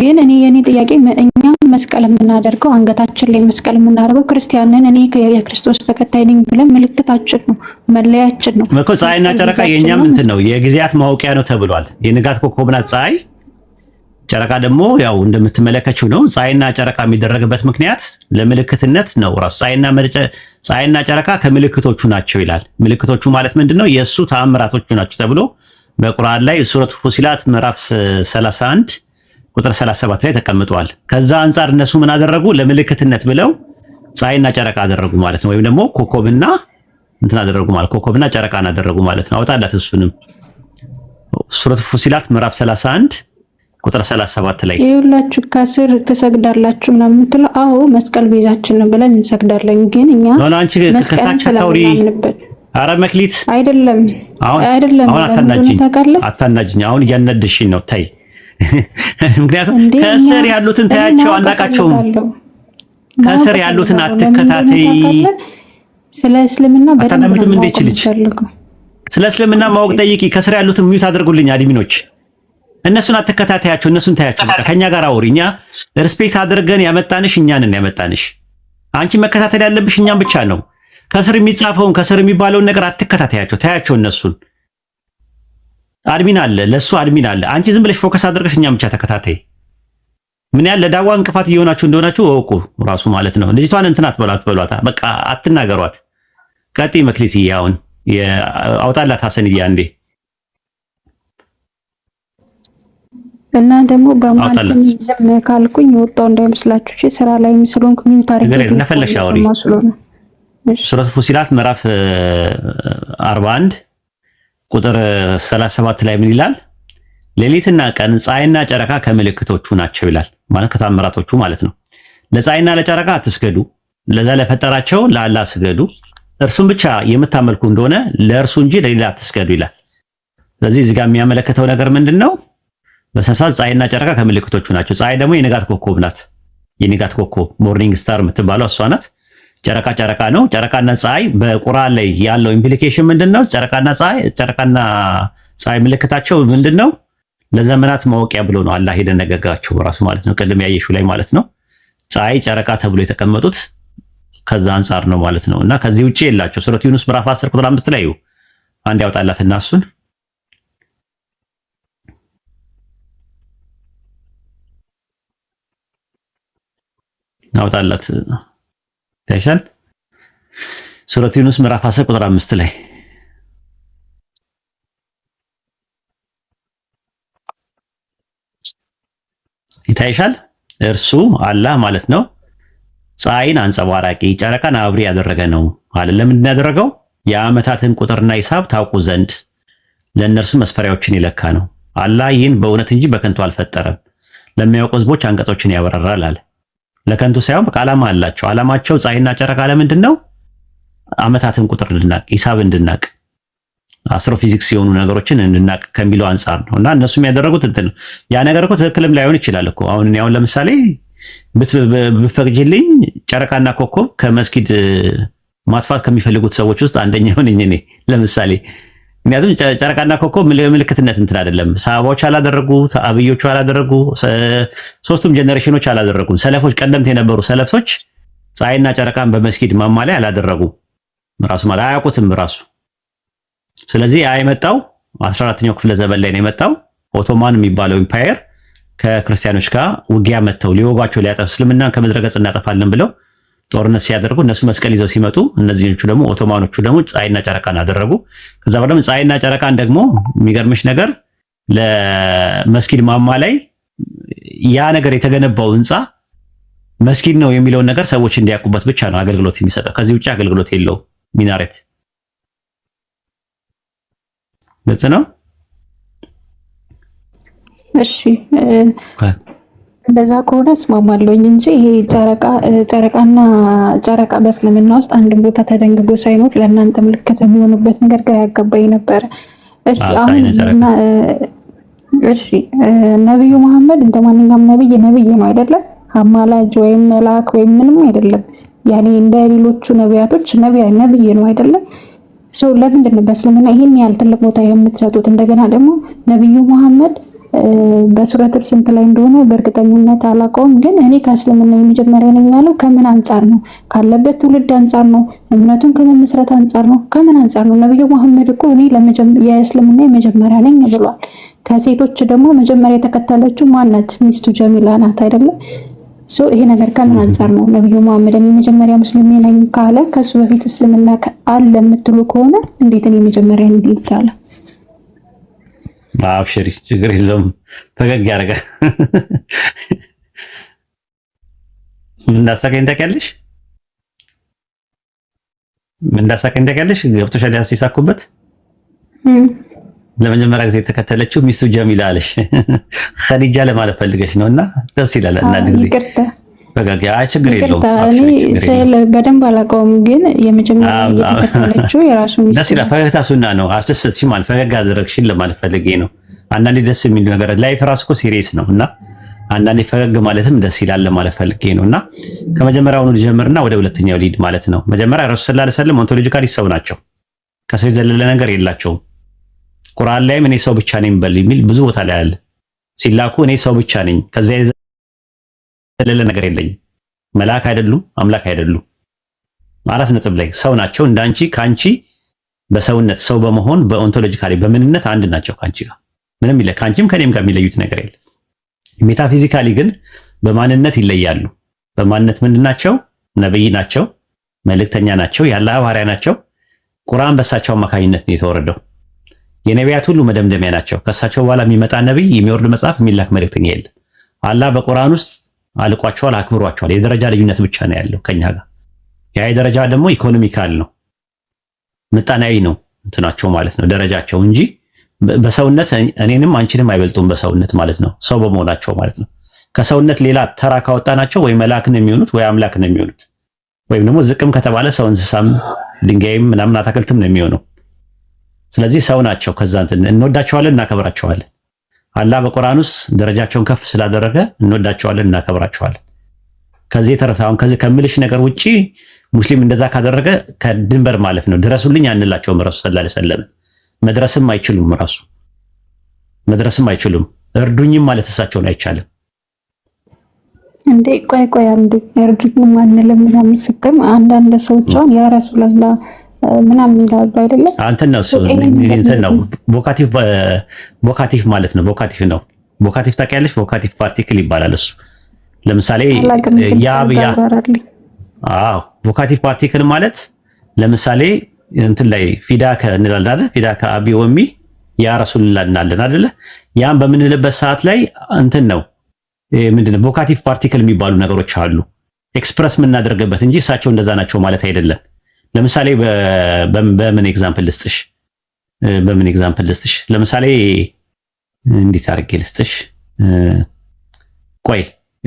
ግን እኔ የኔ ጥያቄ እኛ መስቀል የምናደርገው አንገታችን ላይ መስቀል የምናደርገው ክርስቲያንን እኔ የክርስቶስ ተከታይ ነኝ ብለን ምልክታችን ነው፣ መለያችን ነው እኮ ፀሐይና ጨረቃ የእኛም እንትን ነው፣ የጊዜያት ማወቂያ ነው ተብሏል። የንጋት ኮከብ ናት ፀሐይ፣ ጨረቃ ደግሞ ያው እንደምትመለከችው ነው። ፀሐይና ጨረቃ የሚደረግበት ምክንያት ለምልክትነት ነው ራሱ። ፀሐይና ጨረቃ ከምልክቶቹ ናቸው ይላል። ምልክቶቹ ማለት ምንድን ነው? የእሱ ተአምራቶቹ ናቸው ተብሎ በቁርአን ላይ ሱረት ሁሲላት ምዕራፍ 31 ቁጥር 37 ላይ ተቀምጧል። ከዛ አንጻር እነሱ ምን አደረጉ? ለምልክትነት ብለው ፀሐይና ጨረቃ አደረጉ ማለት ነው። ወይም ደግሞ ኮከብና እንትን አደረጉ ማለት ኮከብና ጨረቃን አደረጉ ማለት ነው። አውጣላት እሱንም ሱረቱ ፉሲላት ምዕራፍ 31 ቁጥር 37 ላይ ይሁላችሁ ከስር ትሰግዳላችሁ ምናምን የምትለው አዎ መስቀል ቤዛችን ነው ብለን እንሰግዳለን። ግን እኛ ነው አንቺ ከታች ታውሪ አረ መክሊት አይደለም አይደለም። አሁን አታናጅኝ አታናጅኝ። አሁን እያናደሽኝ ነው። ታይ ምክንያቱም ከስር ያሉትን ታያቸው አላቃቸውም። ከስር ያሉትን አትከታተይ። ስለ እስልምና በደንብ ስለ እስልምና ማወቅ ጠይቂ። ከስር ያሉትን ሚዩት አድርጉልኝ አድሚኖች። እነሱን አትከታተያቸው፣ እነሱን ታያቸው። በቃ ከኛ ጋር አውሪ። እኛ ሪስፔክት አድርገን ያመጣንሽ እኛንን ያመጣንሽ። አንቺ መከታተል ያለብሽ እኛም ብቻ ነው። ከስር የሚጻፈውን ከስር የሚባለውን ነገር አትከታተያቸው፣ ታያቸው እነሱን አድሚን አለ፣ ለሱ አድሚን አለ። አንቺ ዝም ብለሽ ፎከስ አድርገሽ እኛም ብቻ ተከታታይ ምን ያህል ለዳዋ እንቅፋት እየሆናችሁ እንደሆናችሁ እወቁ። ራሱ ማለት ነው። ልጅቷን እንትን አትበሏት፣ በሏታ በቃ አትናገሯት። ቀጤ መክሊት ያውን አውጣላት ሀሰን እያ እንዴ እና ደግሞ በማንም ዝም ካልኩኝ ወጣው እንዳይመስላችሁ። እሺ ስራ ላይ ምስሉን ኩኝ ታሪክ ነው እንደፈለሽ አውሪ። ሱረቱ ፉሲላት ምዕራፍ 41 ቁጥር 37 ላይ ምን ይላል? ሌሊትና ቀን ፀሐይና ጨረቃ ከምልክቶቹ ናቸው ይላል። ማለት ከታምራቶቹ ማለት ነው። ለፀሐይና ለጨረቃ አትስገዱ፣ ለዛ ለፈጠራቸው ለአላህ ስገዱ፣ እርሱን ብቻ የምታመልኩ እንደሆነ ለእርሱ እንጂ ለሌላ አትስገዱ ይላል። ስለዚህ እዚህ ጋር የሚያመለክተው ነገር ምንድን ነው? በሰብሳት ፀሐይና ጨረቃ ከምልክቶቹ ናቸው። ፀሐይ ደግሞ የንጋት ኮከብ ናት። የንጋት ኮከብ ሞርኒንግ ስታር የምትባለው እሷ ናት። ጨረቃ ጨረቃ ነው። ጨረቃና ፀሐይ በቁርአን ላይ ያለው ኢምፕሊኬሽን ምንድነው? ጨረቃና ፀሐይ ጨረቃና ፀሐይ ምልክታቸው ምንድነው? ነው? ለዘመናት ማወቂያ ብሎ ነው አላህ የደነገጋቸው ራሱ ማለት ነው። ቅድም ያየሹ ላይ ማለት ነው። ፀሐይ ጨረቃ ተብሎ የተቀመጡት ከዛ አንጻር ነው ማለት ነው። እና ከዚህ ውጪ የላቸው ሱረት ዩኑስ ምዕራፍ 10 ቁጥር 5 ላይ አንድ ያውጣላትና እሱን ያውጣላት ታይሻል ሱረት ዩኑስ ምዕራፍ 10 ቁጥር 5 ላይ ይታይሻል። እርሱ አላህ ማለት ነው ፀሐይን አንጸባራቂ ጨረቃን አብሪ ያደረገ ነው አለ። ለምንድን ያደረገው? የዓመታትን ቁጥርና ሂሳብ ታውቁ ዘንድ ለእነርሱ መስፈሪያዎችን ይለካ ነው። አላህ ይህን በእውነት እንጂ በከንቱ አልፈጠረም። ለሚያውቁ ህዝቦች አንቀጾችን ያበራራል አለ። ለከንቱ ሳይሆን በቃ ዓላማ አላቸው። ዓላማቸው ፀሐይና ጨረቃ ለምንድን ነው? ዓመታትን ቁጥር እንድናቅ፣ ሂሳብ እንድናቅ፣ አስትሮፊዚክስ የሆኑ ነገሮችን እንድናቅ ከሚለው አንጻር ነው እና እነሱ የሚያደረጉት እንትን ነው። ያ ነገር እኮ ትክክልም ላይሆን ይችላል እኮ አሁን እኔ አሁን ለምሳሌ ብፈቅጅልኝ ጨረቃና ኮከብ ከመስጊድ ማጥፋት ከሚፈልጉት ሰዎች ውስጥ አንደኛው ነኝ እኔ ለምሳሌ ምክንያቱም ጨረቃና ኮከብ ምልክትነት እንትን አይደለም። ሰሃባዎች አላደረጉ፣ አብዮቹ አላደረጉ፣ ሶስቱም ጀነሬሽኖች አላደረጉም። ሰለፎች፣ ቀደምት የነበሩ ሰለፍቶች ፀሐይና ጨረቃን በመስጊድ ማማለያ አላደረጉ። ራሱ ማለት አያውቁትም ራሱ። ስለዚህ ያ የመጣው 14ኛው ክፍለ ዘመን ላይ ነው የመጣው። ኦቶማን የሚባለው ኢምፓየር ከክርስቲያኖች ጋር ውጊያ መጥተው ሊወጓቸው ሊያጠፍ እስልምና ከምድረ ገጽ እናጠፋለን ብለው ጦርነት ሲያደርጉ እነሱ መስቀል ይዘው ሲመጡ እነዚህኞቹ ደግሞ ኦቶማኖቹ ደግሞ ፀሐይና ጨረቃን አደረጉ። ከዛ በኋላ ፀሐይና ጨረቃን ደግሞ የሚገርምሽ ነገር ለመስጊድ ማማ ላይ ያ ነገር የተገነባው ህንፃ መስጊድ ነው የሚለውን ነገር ሰዎች እንዲያውቁበት ብቻ ነው አገልግሎት የሚሰጠው። ከዚህ ውጭ አገልግሎት የለው። ሚናሬት ግልጽ ነው። እሺ እንደዛ ከሆነ እስማማለሁኝ እንጂ ይሄ ጨረቃ ጨረቃና ጨረቃ በእስልምና ውስጥ አንድን ቦታ ተደንግጎ ሳይኖር ለእናንተ ምልክት የሚሆኑበት ነገር ግራ ያጋባኝ ነበረ። እሺ ነቢዩ መሐመድ እንደ ማንኛውም ነቢይ ነቢይ ነው አይደለም? አማላጅ ወይም መልአክ ወይም ምንም አይደለም። ያኔ እንደ ሌሎቹ ነቢያቶች ነቢያ ነቢይ ነው አይደለም? ሰው ለምንድን ነው በእስልምና ይህን ያህል ትልቅ ቦታ የምትሰጡት? እንደገና ደግሞ ነቢዩ መሐመድ በሱረት ስንት ላይ እንደሆነ በእርግጠኝነት አላውቀውም፣ ግን እኔ ከእስልምና የመጀመሪያ ነኝ ያለው ከምን አንጻር ነው? ካለበት ትውልድ አንጻር ነው? እምነቱን ከመመስረት አንጻር ነው? ከምን አንጻር ነው? ነቢዩ መሐመድ እኮ እኔ የእስልምና የመጀመሪያ ነኝ ብሏል። ከሴቶች ደግሞ መጀመሪያ የተከተለችው ማነት? ሚስቱ ጀሚላ ናት አይደለም? ይሄ ነገር ከምን አንጻር ነው? ነብዩ መሐመድ እኔ መጀመሪያ ሙስሊም ነኝ ካለ ከሱ በፊት እስልምና አለ የምትሉ ከሆነ እንዴት እኔ መጀመሪያ ሊል ይችላል? አብሽሪ፣ ችግር የለውም። ፈገግ ያደርጋ ምን እንዳሳቀኝ ታውቂያለሽ? ምን እንዳሳቀኝ ታውቂያለሽ? ገብቶሻል? ሲሳኩበት ለመጀመሪያ ጊዜ የተከተለችው ሚስቱ ጀሚላ አለሽ፣ ኸዲጃ ለማለት ፈልገሽ ነውና ደስ ይላል አንዳንድ ጊዜ በጋጋ ችግር የለውም። እኔ ስዕል በደንብ አላውቀውም፣ ግን የመጀመሪያ እየተከተለችው የራሱን ደስ ይላል። ፈገግታ ሱና ነው። አስደሰትሽኝ ማለት ፈገግ አደረግሽኝ ለማለት ፈልጌ ነው። አንዳንዴ ደስ የሚል ነገር ላይፍ ራሱ እኮ ሲሪየስ ነው እና አንዳንዴ ፈገግ ማለትም ደስ ይላል ለማለት ፈልጌ ነው እና ከመጀመሪያውኑ ልጀምርና ወደ ሁለተኛው ሊድ ማለት ነው። መጀመሪያ ረሱል ሰለላሁ ዐለይሂ ኦንቶሎጂካሊ ሰው ናቸው። ከሰው የዘለለ ነገር የላቸውም። ቁርአን ላይም እኔ ሰው ብቻ ነኝ በል የሚል ብዙ ቦታ ላይ አለ። ሲላኩ እኔ ሰው ብቻ ነኝ ከዚያ የተለለ ነገር የለኝም። መልአክ አይደሉም፣ አምላክ አይደሉም። አራት ነጥብ ላይ ሰው ናቸው። እንዳንቺ ከአንቺ በሰውነት ሰው በመሆን በኦንቶሎጂካሊ በምንነት አንድ ናቸው ከአንቺ ጋር ምንም ይለ ከአንቺም ከኔም ጋር የሚለዩት ነገር የለም። ሜታፊዚካሊ ግን በማንነት ይለያሉ። በማንነት ምንድን ናቸው? ነብይ ናቸው፣ መልእክተኛ ናቸው፣ የአላህ ባሪያ ናቸው። ቁርአን በእሳቸው አማካኝነት ነው የተወረደው። የነቢያት ሁሉ መደምደሚያ ናቸው። ከእሳቸው በኋላ የሚመጣ ነብይ፣ የሚወርድ መጽሐፍ፣ የሚላክ መልእክተኛ የለም። አላህ በቁርአን ውስጥ አልቋቸዋል፣ አክብሯቸዋል። የደረጃ ልዩነት ብቻ ነው ያለው ከኛ ጋር። ያ የደረጃ ደግሞ ኢኮኖሚካል ነው፣ ምጣናዊ ነው እንትናቸው ማለት ነው ደረጃቸው እንጂ በሰውነት እኔንም አንቺንም አይበልጡም። በሰውነት ማለት ነው ሰው በመሆናቸው ማለት ነው። ከሰውነት ሌላ ተራ ካወጣናቸው ወይ መልአክ ነው የሚሆኑት ወይ አምላክ ነው የሚሆኑት። ወይም ደግሞ ዝቅም ከተባለ ሰው እንስሳም ድንጋይም ምናምን አታክልትም ነው የሚሆነው። ስለዚህ ሰው ናቸው። ከዛ እንትን እንወዳቸዋለን፣ እናከብራቸዋለን። አላህ በቁርአን ውስጥ ደረጃቸውን ከፍ ስላደረገ እንወዳቸዋለን፣ እናከብራቸዋለን። ከዚህ የተረፈ አሁን ከዚህ ከምልሽ ነገር ውጪ ሙስሊም እንደዛ ካደረገ ከድንበር ማለፍ ነው። ድረሱልኝ አንላቸውም። ረሱ ሰለላሁ ዐለይሂ ወሰለም መድረስም አይችሉም። ራሱ መድረስም አይችሉም። እርዱኝም ማለት እሳቸውን አይቻልም። እንዴ ቆይ ቆይ አንዴ እርዱኝም አንልም ምናምን ስትል አንዳንድ ሰዎች አሁን ያ ረሱላህ ምናምን እንዳሉ አይደለም። አንተና እሱ እንትን ነው። ቮካቲቭ ቮካቲቭ ማለት ነው። ቮካቲቭ ነው። ቮካቲቭ ታውቂያለሽ? ቮካቲቭ ፓርቲክል ይባላል እሱ። ለምሳሌ ያ ያ አዎ፣ ቮካቲቭ ፓርቲክል ማለት ለምሳሌ እንትን ላይ ፊዳከ እንላለን አይደል? ፊዳከ አቢ ወሚ ያ ረሱልላ እንላለን አይደለ? ያን በምንልበት ሰዓት ላይ እንትን ነው ምንድነው ቮካቲቭ ፓርቲክል የሚባሉ ነገሮች አሉ ኤክስፕረስ የምናደርግበት እንጂ እሳቸው እንደዛ ናቸው ማለት አይደለም። ለምሳሌ በምን ኤግዛምፕል ልስጥሽ? በምን ኤግዛምፕል ልስጥሽ? ለምሳሌ እንዴት አድርጌ ልስጥሽ? ቆይ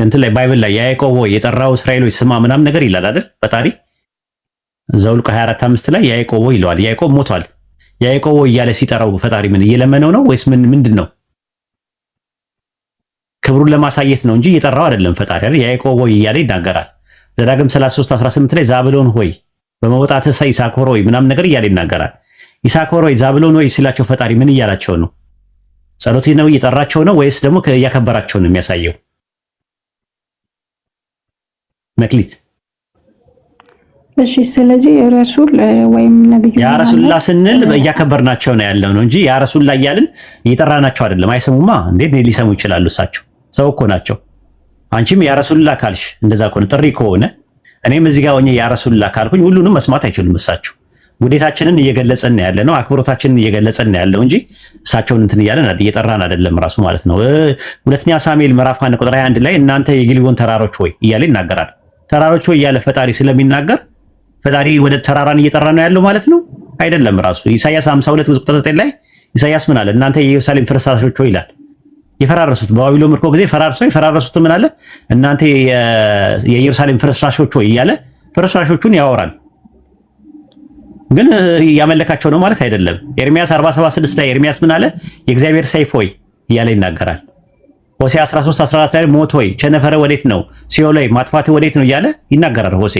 እንትን ላይ ባይብል ላይ ያዕቆብ ሆይ የጠራው እስራኤሎች ስማ ምናምን ነገር ይላል አይደል? በታሪክ ዘኍልቍ 24 5 ላይ ያዕቆብ ሆይ ይለዋል። ያዕቆብ ሞቷል። ያዕቆብ ሆይ እያለ ሲጠራው ፈጣሪ ምን እየለመነው ነው ወይስ ምን ምንድን ነው? ክብሩን ለማሳየት ነው እንጂ እየጠራው አይደለም። ፈጣሪ አይደል? ያዕቆብ ሆይ እያለ ይናገራል። ዘዳግም 33 18 ላይ ዛብሎን ሆይ በመውጣትህ ኢሳኮር ወይ ምናምን ነገር እያለ ይናገራል። ኢሳኮር ወይ ዛብሎን ወይ ሲላቸው ፈጣሪ ምን እያላቸው ነው? ጸሎት ነው እየጠራቸው ነው ወይስ ደግሞ እያከበራቸው ነው የሚያሳየው? መክሊት እሺ ስለዚህ ረሱል ወይም ነብዩ ያ ረሱላ ስንል እያከበርናቸው ነው ያለው ነው እንጂ ያ ረሱላ እያልን እየጠራናቸው አይደለም። አይሰሙማ እንዴት ሊሰሙ ይችላሉ? እሳቸው ሰው እኮ ናቸው። አንቺም ያ ረሱላ ካልሽ እንደዛ ከሆነ ጥሪ ከሆነ እኔም እዚህ ጋር ሆኜ ያ ካልኩኝ ሁሉንም መስማት አይችሉም። እሳቸው ውዴታችንን እየገለጸን ያለ ነው፣ አክብሮታችንን እየገለጸን ያለው እንጂ እሳቸውን እንትን እያለን እየጠራን አይደለም ራሱ ማለት ነው። ሁለተኛ ሳሙኤል ምዕራፍ አንድ ቁጥር 21 ላይ እናንተ የጊልቦን ተራሮች ሆይ እያለ ይናገራል። ተራሮች ሆይ እያለ ፈጣሪ ስለሚናገር ፈጣሪ ወደ ተራራን እየጠራ ነው ያለው ማለት ነው አይደለም። ራሱ ኢሳያስ 52 ቁጥር 9 ላይ ኢሳያስ ምን አለ? እናንተ የኢየሩሳሌም ፍርስራሾች ሆይ ይላል የፈራረሱት በባቢሎን ምርኮ ጊዜ ፈራርሰው የፈራረሱት ምን አለ እናንተ የኢየሩሳሌም ፍርስራሾች ሆይ እያለ ፍርስራሾቹን ያወራል። ግን ያመለካቸው ነው ማለት አይደለም። ኤርሚያስ 47:6 ላይ ኤርሚያስ ምን አለ የእግዚአብሔር ሰይፍ ሆይ እያለ ይናገራል። ሆሴ 13:14 ላይ ሞት ሆይ ቸነፈረ ወዴት ነው? ሲኦል ሆይ ማጥፋት ወዴት ነው? እያለ ይናገራል ሆሴ።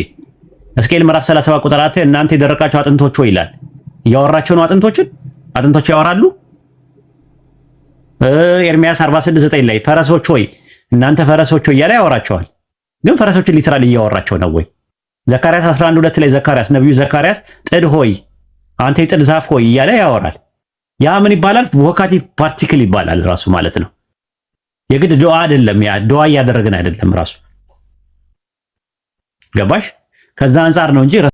ሕዝቅኤል ምዕራፍ 37 ቁጥር እናንተ የደረቃቸው አጥንቶች ሆይ ይላል። እያወራቸው ነው አጥንቶችን አጥንቶች ያወራሉ ኤርሚያስ 46:9 ላይ ፈረሶች ሆይ እናንተ ፈረሶች ሆይ እያለ ያወራቸዋል። ግን ፈረሶችን ሊትራሊ እያወራቸው ነው ወይ? ዘካርያስ 2 ላይ ዘካርያስ ነብዩ ዘካርያስ ጥድ ሆይ አንተ የጥድ ዛፍ ሆይ እያለ ያወራል። ያ ምን ይባላል? ቮካቲቭ ፓርቲክል ይባላል ራሱ ማለት ነው። የግድ ዱዓ አይደለም። ያ ዱዓ እያደረግን አይደለም ራሱ ገባሽ? ከዛ አንጻር ነው እንጂ